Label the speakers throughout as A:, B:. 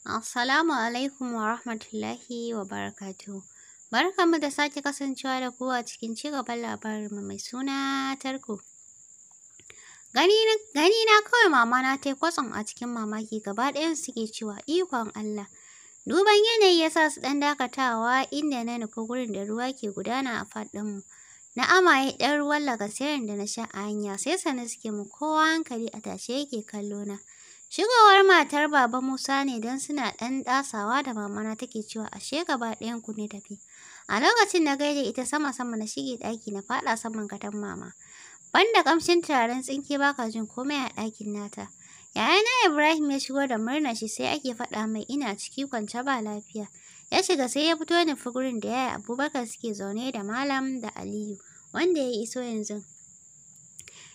A: Assalamu alaikum wa rahmatullahi wa Barka mu da sake kasancewa da kowa a cikin cigaban labarinmu mai suna tarko. Gani na kawai mama na ta kwatsam a cikin mamaki gaba ɗayan suke cewa ikon Allah. Duban yanayi ya sa su ɗan dakatawa inda na nufi gurin da ruwa ke gudana a faɗinmu. Na amaye ɗan ruwan lagasirin da na sha a hanya sai sani suke mu kowa hankali a tashe yake kallo na. Shigowar matar Baba Musa ne don suna ɗan ɗasawa da mamana take cewa ashe gaba ɗayan ku ne tafi. A lokacin na gaida ita sama-sama na shige ɗaki na faɗa saman gadon mama. Banda ƙamshin turaren tsinke baka jin komai a ɗakin nata. Yayana Ibrahim ya shigo da murna shi sai ake faɗa mai ina ciki kwance ba lafiya. Ya shiga sai ya fito nufi gurin da yaya Abubakar suke zaune da Malam da Aliyu wanda ya iso yanzu.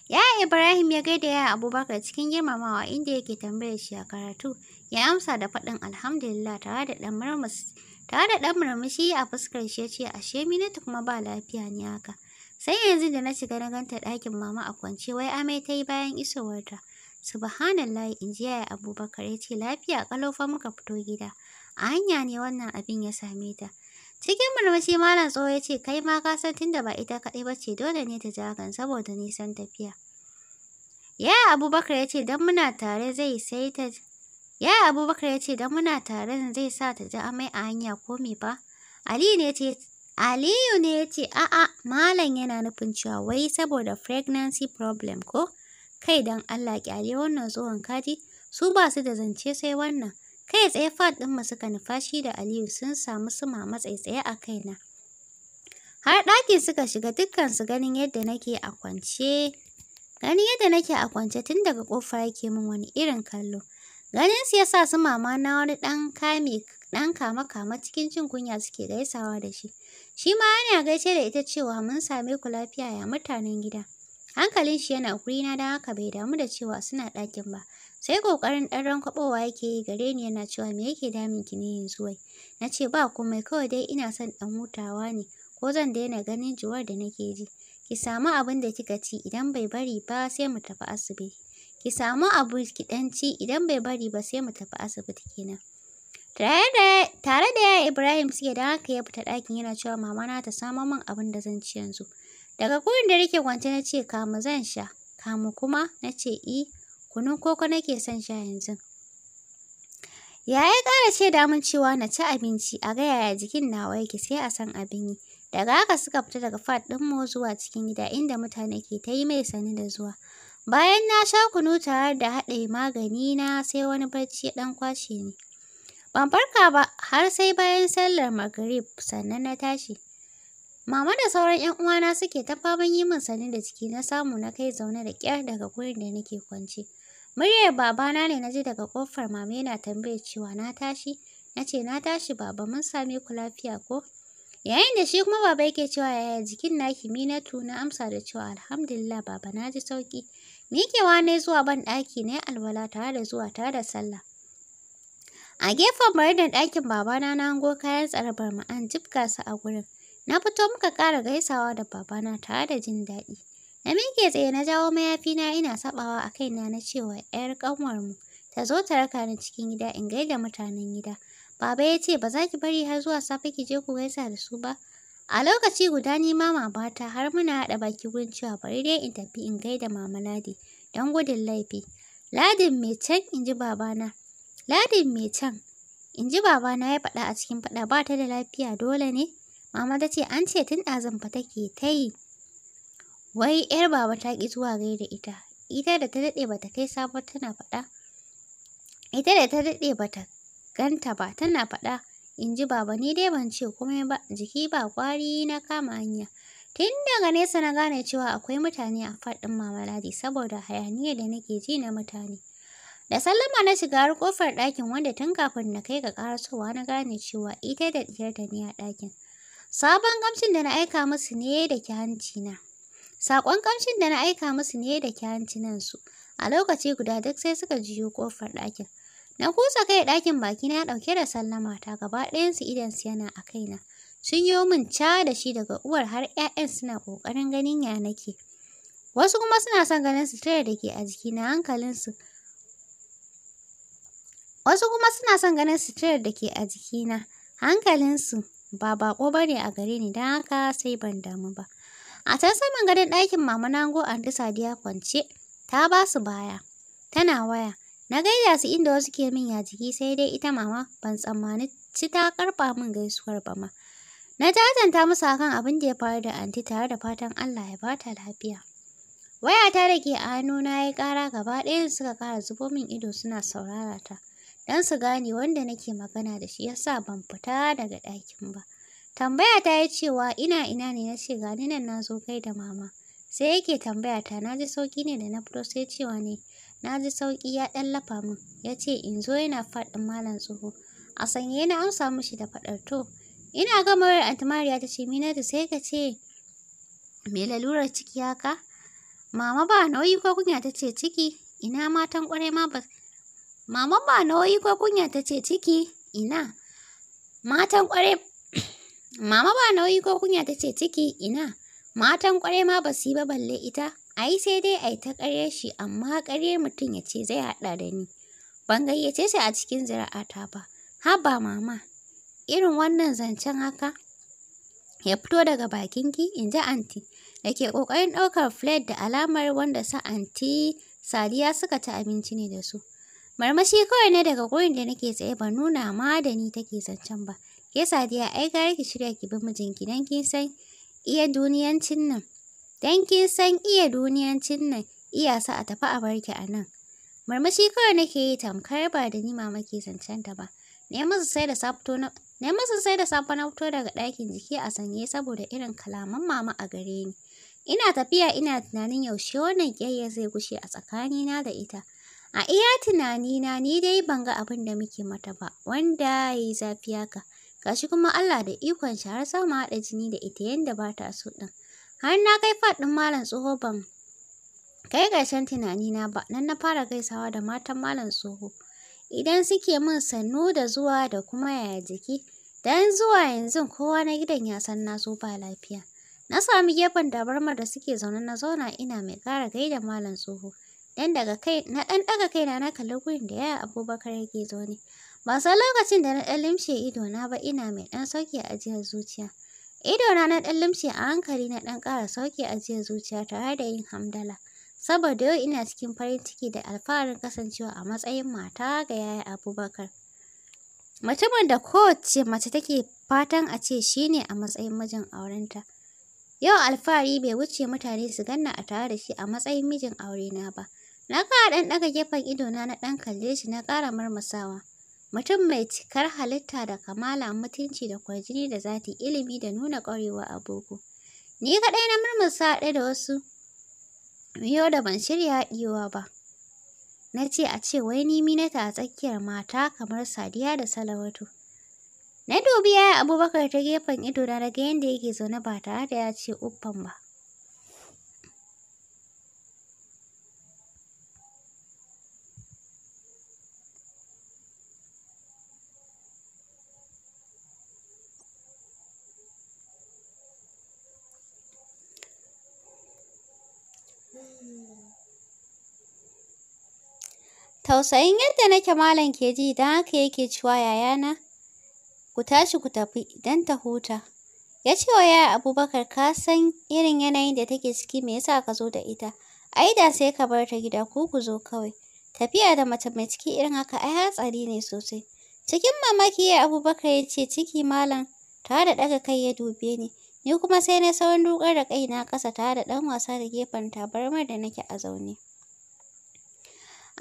A: Ya Ibrahim ya gaida ya Abubakar cikin girmamawa inda yake tambayar shi a karatu. Ya amsa da faɗin alhamdulillah tare da ɗan murmushi. Tare da ɗan murmushi a fuskar shi ya ce ashe Minatu kuma ba lafiya ne haka. Sai yanzu da na shiga na ganta ɗakin mama a kwance wai amai ta yi bayan isowarta. Subhanallah in ji yaya Abubakar ya ce lafiya kalofa muka fito gida. A hanya ne wannan abin ya same ta. Cikin murmushi Malam Tsoho ya ce, Kai ma ka san tunda ba ita kaɗai ba ce dole ne ta ja saboda nisan tafiya. Yaya Abubakar ya ce, Don muna tare zai sai ta Ya Abubakar ya ce, Don muna tare zai sa ta ji amai a hanya ko me ba. Aliyu ne ya ce, Aliyu ne ya ce, A'a, Malam yana nufin cewa wai saboda pregnancy problem ko? Kai don Allah kyale wannan tsohon kaji, su ba su da zance sai wannan. Kai tsaye fad ɗinmu suka nufashi da Aliyu sun samu su matsayi a kaina. Har ɗaki suka shiga dukkansu ganin yadda nake a kwance. Ganin yadda nake a kwance tun daga ƙofar yake min wani irin kallo. Ganin su yasa su mama na wani ɗan kame ɗan kama kama cikin jin kunya suke gaisawa da shi. Shi ma yana gaishe da ita cewa mun same ku lafiya ya mutanen gida. Hankalin shi yana na don haka bai damu da cewa suna ɗakin ba. Sai kokarin ɗan rankwabowa yake yi gare ni yana cewa me yake damin ki ne yanzu wai. nace ba komai kawai dai ina son ɗan hutawa ne ko zan daina ganin juwar da nake ji. Ki samu abin da kika ci idan bai bari ba sai mu tafi asibiti. Ki samu abu ki dan ci idan bai bari ba sai mu tafi asibiti kenan. Tare da yaya Ibrahim suke da haka ya fita ɗakin yana cewa mama na ta samo min abin da zan ci yanzu. Daga gurin da rike kwance nace ce kamu zan sha, kamu kuma nace i. Eh. kunun koko nake son sha yanzu. Ya ya ƙara ce damun cewa na ci abinci a ga yaya jikin nawa yake sai a san abin yi. Daga haka suka fita daga fat mu zuwa cikin gida inda mutane ke ta yi mai sani da zuwa. Bayan na sha kunu tare da haɗe magani na sai wani barci ya ɗan kwashe ni. Ban farka ba har sai bayan sallar magrib sannan na tashi. Mama da sauran 'yan uwana suke ta faman yi min sani da ciki na samu na kai zaune da ƙyar daga gurin da nake kwance. Muryar babana ne na ji daga ƙofar mama yana tambayar cewa na tashi. Na ce na tashi baba mun sami ku lafiya ko? Yayin da shi kuma baba yake cewa yaya jikin naki mi na tuna amsa da cewa alhamdulillah baba na ji sauki. ni ke ne zuwa ban ɗaki na alwala tare da zuwa tare da sallah. A gefen baridar ɗakin babana na hango kayan tsarabar mu an jibga su a gurin. Na fito muka ƙara gaisawa da babana tare da jin daɗi. Na miƙe tsaye na jawo mayafi na ina saɓawa a kaina na cewa ‘yar mu ta zo ta raka ni cikin gida in gaida mutanen gida. Baba ya ce ba za ki bari har zuwa safe ki je ku gaisa da su ba. A lokaci guda ni ma ta, har muna haɗa baki wurin cewa bari dai in tafi in gaida mama Ladi don gudun laifi. Ladin me can in ji babana. Ladin me can in ji babana ya faɗa a cikin faɗa ba ta da lafiya dole ne. Mama ta ce an ce tun ɗazun fa take ta yi. Wai ‘yar baba ta ƙi zuwa gaida ita, ita da ta daɗe bata kai sabo tana faɗa. Ita da ta daɗe bata ganta ba tana faɗa, in ji baba ni dai ban ce komai ba, jiki ba ƙwari na kama hanya. Tun daga nesa na gane cewa akwai mutane a faɗin Ladi saboda hayaniya da nake ji na mutane. Da sallama na shiga har ƙofar ɗakin wanda tun kafin na kai ga ƙarasowa na gane cewa ita da ɗiyarta ne a ɗakin. Sabon gamsin da na aika musu ne da ke hanci na. Saƙon ƙamshin da na aika musu ne da kyancinan su. A lokaci guda duk sai suka jiyo ƙofar ɗakin. Na kusa kai ɗakin baki na ɗauke da sallama ta gaba ɗayansu su yana a kaina. Sun yi min ca da shi daga uwar har 'ya'yan suna ƙoƙarin ganin ya nake. Wasu kuma suna son ganin sutura da ke a jikina hankalinsu. Wasu kuma suna son ganin suturar da ke a jikina hankalinsu ba baƙo ba ne a gare ni don haka sai ban damu ba. A can saman gadon ɗakin mama Nango anti Sadiya kwance, ta ba su baya. Tana waya. Na gaida su inda wasu ke min ya jiki sai dai ita mama ban tsammani ci ta karɓa min gaisuwar ba ma. Na jajanta musu akan abin da ya faru da anti tare da fatan Allah ya bata lafiya. Wayata da ke a hannu na ya ƙara gaba ɗayan suka ƙara zubo min ido suna saurara ta. Don su gane wanda nake magana da shi yasa ban fita daga ɗakin ba. Tambaya ta ya cewa ina ina ne na ce gani nan na zo kai da mama. Sai yake tambaya ta na ji sauki ne da na fito sai cewa ne na ji sauki ya ɗan lafa min ya ce in zo yana faɗin malam tsoho. A sanye na amsa mishi da faɗar to. Ina gama wayar Aunty Mariya ta ce da sai ka ce me lalurar ciki haka? Mama ba nauyi ko kunya ta ce ciki ina matan kwarai ma ba Mama ba nauyi ko kunya ta ce ciki ina matan kwarai Mama ba nauyi ko kunya ta ce ciki ina, matan kwarai ma ba su yi ba balle ita, A yi sai dai a yi ta ƙarya shi amma ƙaryar mutum ya ce zai haɗa da ni. Ban gayyace shi a cikin zira'ata ba, haba mama, irin wannan zancen haka ya fito daga bakinki in ji anti da ke ƙoƙarin ɗaukar flat da alamar wanda sa anti sadiya suka ci abinci ne da su. Marmashi kawai ne daga gurin da nake tsaye ba nuna ma da ni take zancen ba. Ke sadiya ai gare ki shirya ki bi mijinki don kin san iya duniyancin nan. dan kin san iya duniyancin nan iya sa a tafi a barki a nan. Murmushi kawai nake yi tamkar ba da ni mama ke ta ba. Na musu sai da safto na ne musu sai da fito daga ɗakin jiki a sanye saboda irin kalaman mama a gare ni. Ina tafiya ina tunanin yaushe wannan ƙyayyar zai gushe a tsakanina da ita. A iya tunanina ni dai ban ga abin da muke mata ba, wanda ya yi zafi haka. Gashi kuma Allah da ikon shi har samu haɗa jini da ita yanda ba ta so ɗin. Har na kai faɗin malam tsoho ban kai tunani na ba nan na fara gaisawa da matan malam tsoho. Idan suke min sannu da zuwa da kuma yaya jiki, dan zuwa yanzu kowa na gidan ya san na zo ba lafiya. Na sami gefen dabarmar da suke zaune na zauna ina mai ƙara gaida malam tsoho. Dan daga kai na ɗan ɗaga kaina na kalli gurin da yaya Abubakar yake zaune. Ba san lokacin da na ɗan limshe idona ba ina mai ɗan sauke ajiyar zuciya. Idona na ɗan limshe a hankali na ɗan ƙara sauke ajiyar zuciya tare da yin hamdala. Saboda yau ina cikin farin ciki da alfaharin kasancewa a matsayin mata ga yaya Abubakar. Mutumin da kowace mace take fatan a ce shi ne a matsayin mijin aurenta. Yau alfahari bai wuce mutane su ganna a tare da shi a matsayin mijin aurena ba. Na ƙara ɗan ɗaga gefen idona na ɗan kalle shi na ƙara marmasawa. Mutum mai cikar halitta da kamala, mutunci da kwajini da zati, ilimi da nuna ƙwarewa a boko. Ni kaɗai na murmusa haɗe da wasu miyo da ban shirya haɗewa ba. Na ce a ce wai ni minata a tsakiyar mata kamar Sadiya da Salawatu. Na dubi yaya Abubakar ta gefen ido na daga yadda yake zaune ba tare da ya ce uffan ba. Tausayin yadda nake malam ke ji don haka yake cewa yayana ku tashi ku tafi don ta huta. Ya ce wa yaya Abubakar ka san irin yanayin da take ciki me yasa ka zo da ita. Ai da sai ka bar ta gida ko ku zo kawai. Tafiya da mace mai ciki irin haka ai hatsari ne sosai. Cikin mamaki ya Abubakar ya ce ciki malam ta da ɗaga kai ya dube ni. Ni kuma sai na sauran dukar da kaina ƙasa ta da ɗan wasa da gefen tabarmar da nake a zaune.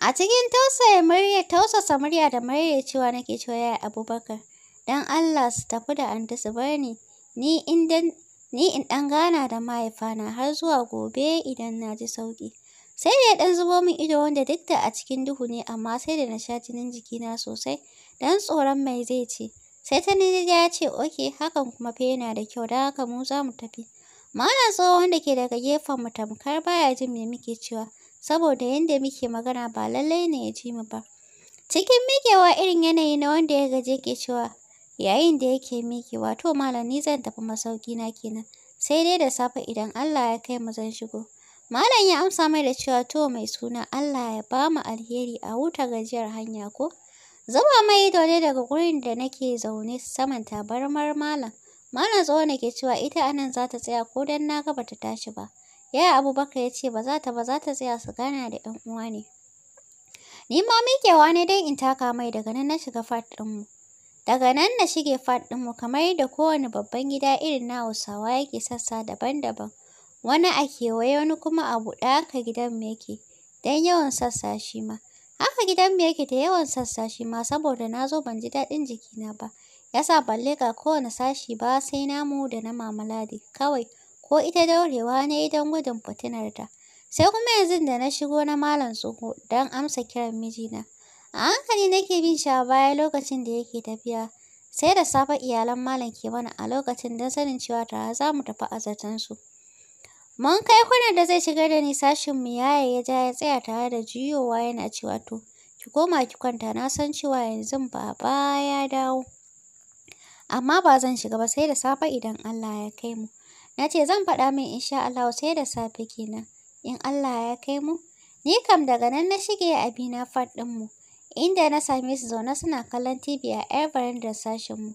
A: A cikin tausaya murya tausasa murya da murya cewa nake cewa yaya Abubakar don Allah su tafi da an su bar ni ni in dan gana da mahaifana har zuwa gobe idan na ji sauki. Sai da ya dan zubo min ido wanda duk da a cikin duhu ne amma sai da na sha jinin jikina sosai dan tsoron mai zai ce. Sai ta ni ya ce oke hakan kuma fe yana da kyau da haka mu za mu tafi. Mana tsohon da ke daga gefen mu tamkar baya jin me muke cewa. saboda yadda muke magana ba lallai ne ya ji mu ba. Cikin miƙewa irin yanayi na wanda ya gaje ke cewa yayin da yake miƙewa to malam ni zan tafi masauki na kenan sai dai da safe idan Allah ya kai mu zan shigo. Malam ya amsa mai da cewa to mai suna Allah ya ba mu alheri a wuta gajiyar hanya ko. zama mai dole daga gurin da nake zaune saman tabarmar malam. Malam tsohon ke cewa ita anan za ta tsaya ko dan na ga bata tashi ba. Yaya Abubakar ya ce ba za ta ba za ta tsaya su gana da 'yan uwa ne. Ni ma miƙewa ne don in taka mai daga nan na shiga fat ɗinmu. Daga nan na shige fat ɗinmu kamar yadda kowane babban gida irin na Hausawa yake sassa daban-daban. Wani a kewaye wani kuma a buɗe haka gidanmu yake don yawan sassa shi ma. Haka gidanmu yake da yawan sassa shi ma saboda na zo ban ji daɗin jikina ba. yasa balle ga kowane sashi ba sai namu da na mamaladi kawai. ko ita daurewa na yi don gudun ta. Sai kuma yanzu da na shigo na Malam Tsoho don amsa kiran mijina. A hankali nake bin shi a baya lokacin da yake tafiya. Sai da safe iyalan Malam ke mana a lokacin don sanin cewa tare za mu tafi a zatensu. Mun kai kunan da zai shigar da ni sashinmu yaya ya ja ya tsaya tare da juyowa yana cewa to, ki koma ki kwanta na san cewa yanzu ba ya dawo. Amma ba zan shiga ba sai da safe idan Allah ya kai mu. Na ce zan faɗa min insha Allah sai da safe kenan. In Allah ya kai mu. Ni kam daga nan na shige abina fat mu. Inda na same su zaune suna kallon TV a ‘yar barandar sashenmu.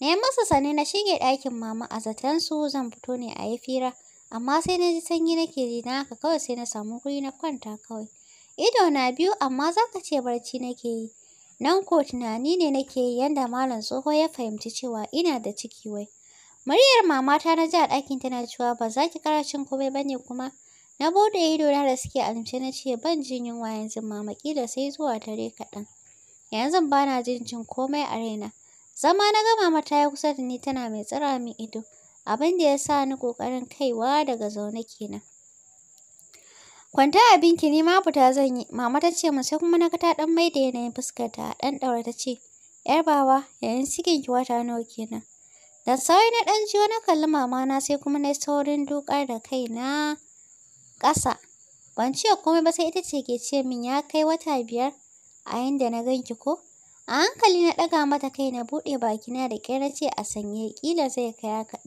A: Na yi masa sane na shige ɗakin mama a zaton su zan fito ne a yi fira. Amma sai na ji sanyi nake ji na haka kawai sai na samu guri na kwanta kawai. Ido na biyu amma za ka ce barci nake yi. Nan ko tunani ne nake yi yadda malam tsoho ya fahimci cewa ina da ciki wai. Muryar mamata na ji a ɗakin tana cewa ba za ki ƙara cin komai ba ne kuma. Na bude ido na da suke alimce na ce ban jin yunwa yanzu mama da sai zuwa dare kaɗan. Yanzu ba na jin cin komai a raina. Zama na gama mata ya kusa da ni tana mai tsira min ido. Abin da ya sa ni ƙoƙarin kaiwa daga zaune kenan. Kwanta abinki ni ma fita zan yi. Mama ta ce sai kuma na ga ta ɗan maida yanayin fuskarta a ɗan ta ce. ‘Yar baba, yayin sikin ki wata nawa kenan? Da sauri na ɗan jiyo na kalli mamana sai kuma na saurin dukar da kai na ƙasa. Ban ce komai ba sai ita ce ke ce min ya kai wata biyar a yanda na ganki ko. A hankali na ɗaga mata kai na buɗe baki na da ƙyar ce a sanye ƙila zai kai haka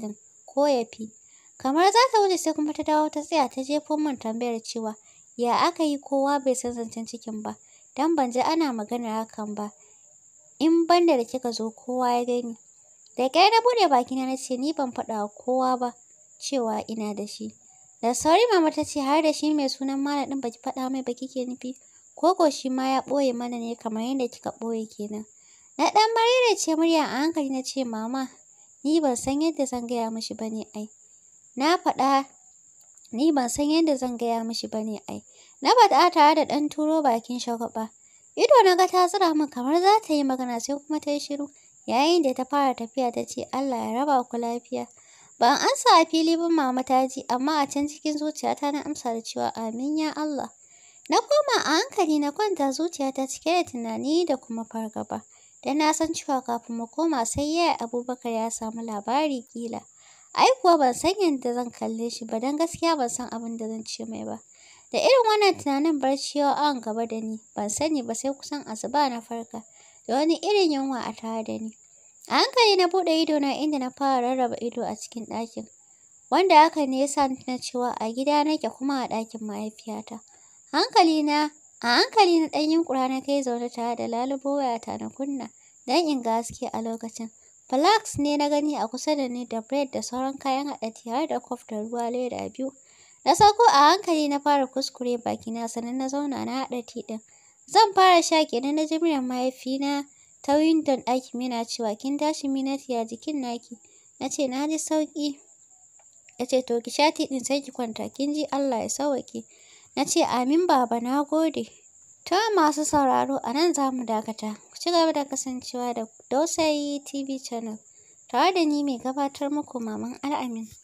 A: ko ya fi. Kamar za ta wuce sai kuma ta dawo ta tsaya ta jefo min tambayar cewa ya aka yi kowa bai san zancen cikin ba dan ban ji ana maganar hakan ba. In banda da kika zo kowa ya gani. Da kai na bude bakina na ce ni ban fada kowa ba cewa ina da shi. Da sauri mama ta ce har da shi mai sunan mallam din baki fada mai ba kike nufi. Koko shi ma ya ɓoye mana ne kamar yadda kika boye kenan. Na ɗan da ce murya a hankali na ce mama ni ban san yadda zan gaya mishi ba ai. Na faɗa ni ban san yadda zan gaya mishi ba ne ai. Na fada tare da ɗan turo bakin ba. Ido na ga ta zura min kamar za ta yi magana sai kuma ta yi shiru. Yayin da ta fara tafiya ta ce, Allah ya raba ku lafiya. Ban ansa a fili ban mama ta ji, amma a can cikin zuciyata na amsa da cewa amin ya Allah. Na koma a hankali na kwanta zuciya ta cike da tunani da kuma fargaba. Da na san cewa kafin mu koma sai yaya Abubakar ya samu labari kila. Ai kuwa ban san yadda zan kalle shi ba dan gaskiya ban san abin da zan ce mai ba. Da irin wannan tunanin barci an gaba da ni, ban sani ba sai kusan asuba na farka. da wani irin yunwa a tare da ni. A hankali na buɗe na inda na fara rarraba ido a cikin ɗakin, wanda hakan ne ya sa na cewa a gida nake kuma a ɗakin mahaifiyata. Hankali na a hankali na ɗan yunƙura na kai zaune tare da lalubo wayata na kunna don in ga haske a lokacin. Flax ne na gani a kusa da ni da bread da sauran kayan haɗa tare da kwaf da ruwa leda biyu. Na sauko a hankali na fara kuskure bakina sannan na zauna na haɗa tiɗin. ɗin. Zan fara shaƙi na ji muryar mahaifina ta windon ɗakin yana cewa kin tashi Minat ya jikin naki. Na ce na ji sauƙi. Ya ce to ki sha tiɗin sai ki kwanta kin ji Allah ya sauwaƙe. Na ce amin baba na gode. Ta masu sauraro a nan za mu dakata. Ku ci gaba da kasancewa da Dausayi TV channel. Tare da ni mai gabatar muku Maman Al'amin.